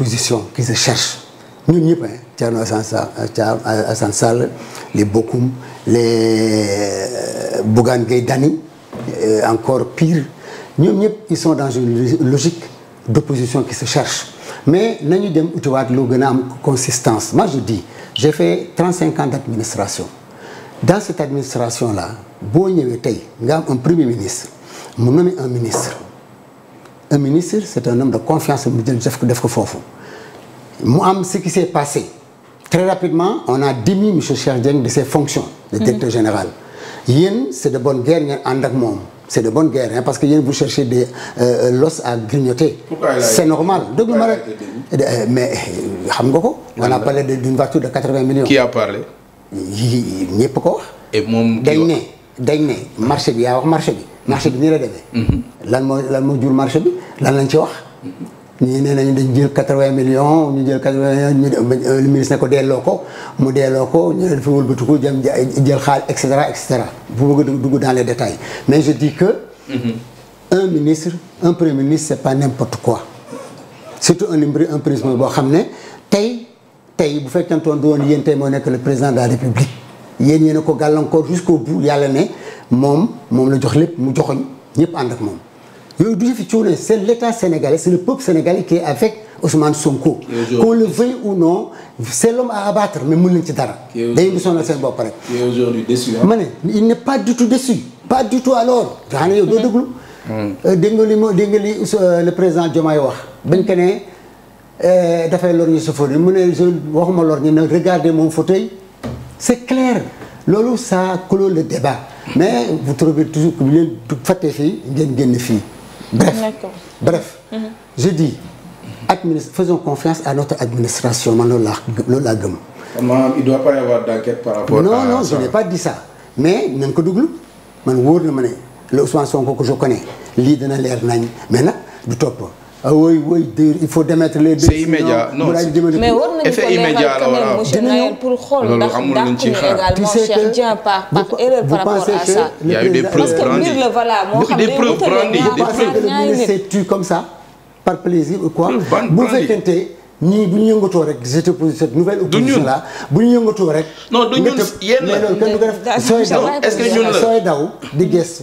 opposition qui se cherche ñun ñëpp hein Thierno Assane euh, euh, Sall les Bokoum les euh, Bougane Gueye Dany encore pire ñoom ñëpp ils sont dans une logique d'opposition qui se cherche mais nañu dem utiwaat loo gën a am consistance moi je dis j'ai fait 35 ans d'administration dans cette administration là boo ñëwee tey nga am un premier ministre mu nommé un ministre un ministre c'est un homme de confiance mu jël def ko def ko foofu mu am ce qui s'est passé très rapidement on a démis monsieur Cheikh Dieng de ses fonctions mhm. général yéen c'est de bonne guerre ngeen ànd ak moom c'est de bonne guerre hein, parce que yéen vous cherchez des euh, l'os à grignoter c'est normal déglu ma rek euh, mais xam nga ko on a parlé du voiture de 80 millions qui a parlé ñëpp ko wax et moom dañ ne dañ ne marché bi yaa wax marché bi marché bi nii la demee mhm. lan moo jur marché bi lan lañ ci wax. ñii nee nañu dañ jël quatre-vingts million ñu jël quatre-vingts ñu ministre ne ko delloo ko mu delloo ko ñu ne dafa wëlbatiku jëm jël xaal et cetera et bu bëgg a dugg dans les détails mais je dis que. Mm-hmm. un ministre un premier ministre c'est pas n'importe quoi surtout un imbri un président boo xam ne tey tey bu fekkantoon du woon yéen tey moo nekk le président de la république yéen yéen a ko gàllankoor jusqu'au bout yàlla ne moom moom la jox lépp mu joxoñ ñëpp ànd ak moom. yooyu du yëfi coono c'est l'état sénégalais c'est le peuple sénégalais qui est avec Ousmane Sonko. qu'on le veuille ou non c'est l'homme à abattre mais mën nañ ci dara. day du sonal seen bopp rek. ma ne il n'est pas du tout déçu. pas du tout alors. daanaka yow doo déglu. Mm-hmm. Euh, dégg nga li ma dégg nga li euh, le président Diomaye wax. bañ ko ne euh, dafay lor ñu sa mu ne je waxuma lor ñu ne regardez moom fauteuil c'est clair. loolu ça clôt le débat mais vous trouvez toujours que bu leen fàtte génn fii. Bref, bref mhm. je dis administ faisons confiance à notre administration man loolu laa loolu laa gëm. maanaam il doit pas y par rapport non je n'ai pas dit ça mais nañ ko déglu man wóor na ma ne le Ousmane Sonko je connais lii dana leer nañ mais nag du topp. ah oui oui dire il faut démettre les deux. c'est immédiat non mais war nañu ko leeral quand pour xool ndax dàqu ñu également Cheikh Dieng par par erreur a eu des preuves brandies parce que mbir la voilà moo que le par plaisir bu fekkente ñii bu ñu yëngatoo rek cette opposition cette nouvelle opposition là bu ñu yëngatoo rek. non du ñun yéen la loolu kenn du sooy daw sooy daw di gëstu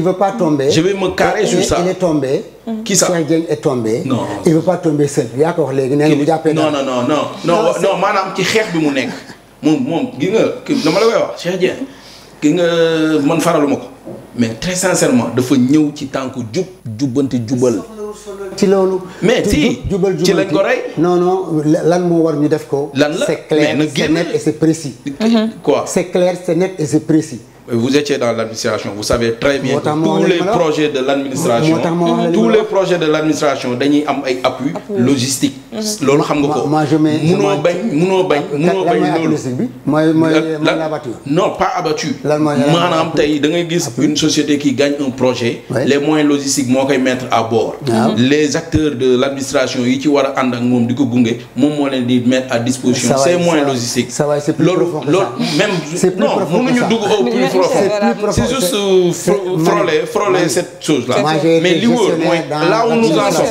il veut pas tomber. je vais me carrer sur wax léegi nee nga jàppee. non non non non non maanaam ci xeex bi mu nekk moom moom gi la koy wax Cheikh Dieng nga man faraluma ko. mais très sincèrement dafa ñëw ci tànku jub jubbante jubal. ci loolu. mais si jubal jubal ci lañ ko rey. non non lan moo war ñu def ko. lan la c'est clair c'est net et c'est précis. quoi c'est clair c'est net et c'est précis. vous étiez dans l'administration vous savez très bien que tous les projets de l'administration tous les projets de l'administration dañuy am ay appui logistique mm-hmm. loolu xam nga ko munoo bañ munoo bañ munoo bañ loolu non pas abattu maanaam tey da ngay gis une société qui gagne un projet les moyens logistiques moo koy mettre à bord les acteurs de l'administration yi ci war a ànd ak moom di ko gunge moom moo leen di mettre à disposition ces moyens logistiques loolu loolu même non mënuñu c'est juste euh, frôler frôler cette chose là. mais li wóor mooy là où nous en sommes.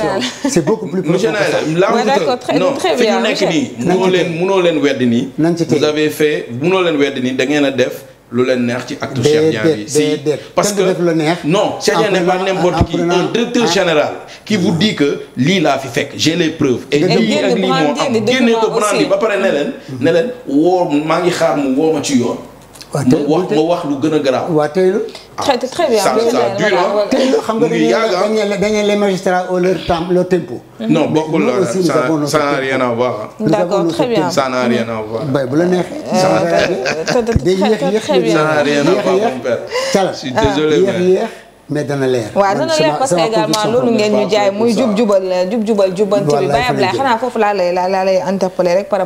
c'est beaucoup plus professionnel. là où non fi ñu nekk nii. munoo leen munoo leen weddi nii. vous avez fait munoo leen weddi nii da ngeen def. lu leen neex ci acte Cheikh Diagne bi parce que non Cheikh Diagne n'est pas n'importe qui un directeur ah. général qui vous dit que lii laa fi fekk j'ai les preuves et lii ak lii moo am génne ba pare ne leen leen woo maa ngi xaar mu woo ma ci yoon waaw tey ma wax ma wax lu gën a garaaw. waaw tey la. Ah, très très bien ça ça dure tey la xam nga dañuy dañuy les magistrats au leur temps leur tempo. non bokkul la ça n'a rien à voir. d'accord très bien ça n'a rien à voir. bay bu la neexee. Euh, très très très bien day yéex yéex. ça n'a rien à voir mon père. je suis désolé ah. mais yéex yéex. mais dana leer waaw dana leer parce que également loolu ngeen ñu jaay muy jub jubal jub jubal jubanti bi Baye Ablaye xanaa foofu laa lay laa rek par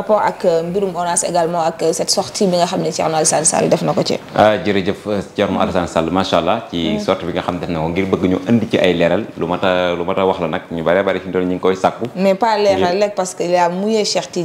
rapport ak euh, mbirum ONAS également ak euh, cette sortie bi nga xam ne Thierno Alassane Sall def na ko ci ah jërëjëf euh, Thierno Alassane Sall macha allah ci mm. sortie bi nga xam ne def na ko ngir bëgg ñu indi ci ay leeral lu ma a lu mat a wax la nag ñu bëree bëri fi ñu doon ñu ngi koy sàkku mais pas leeral rek parce que